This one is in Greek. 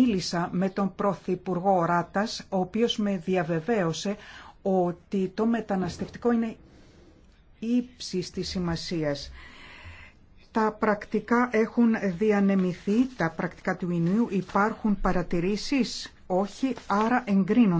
Μίλησα με τον Πρωθυπουργό Ράτας, ο οποίος με διαβεβαίωσε ότι το μεταναστευτικό είναι ύψης της σημασίας. Τα πρακτικά έχουν διανεμηθεί, τα πρακτικά του Ινίου υπάρχουν παρατηρήσεις, όχι, άρα εγκρίνονται.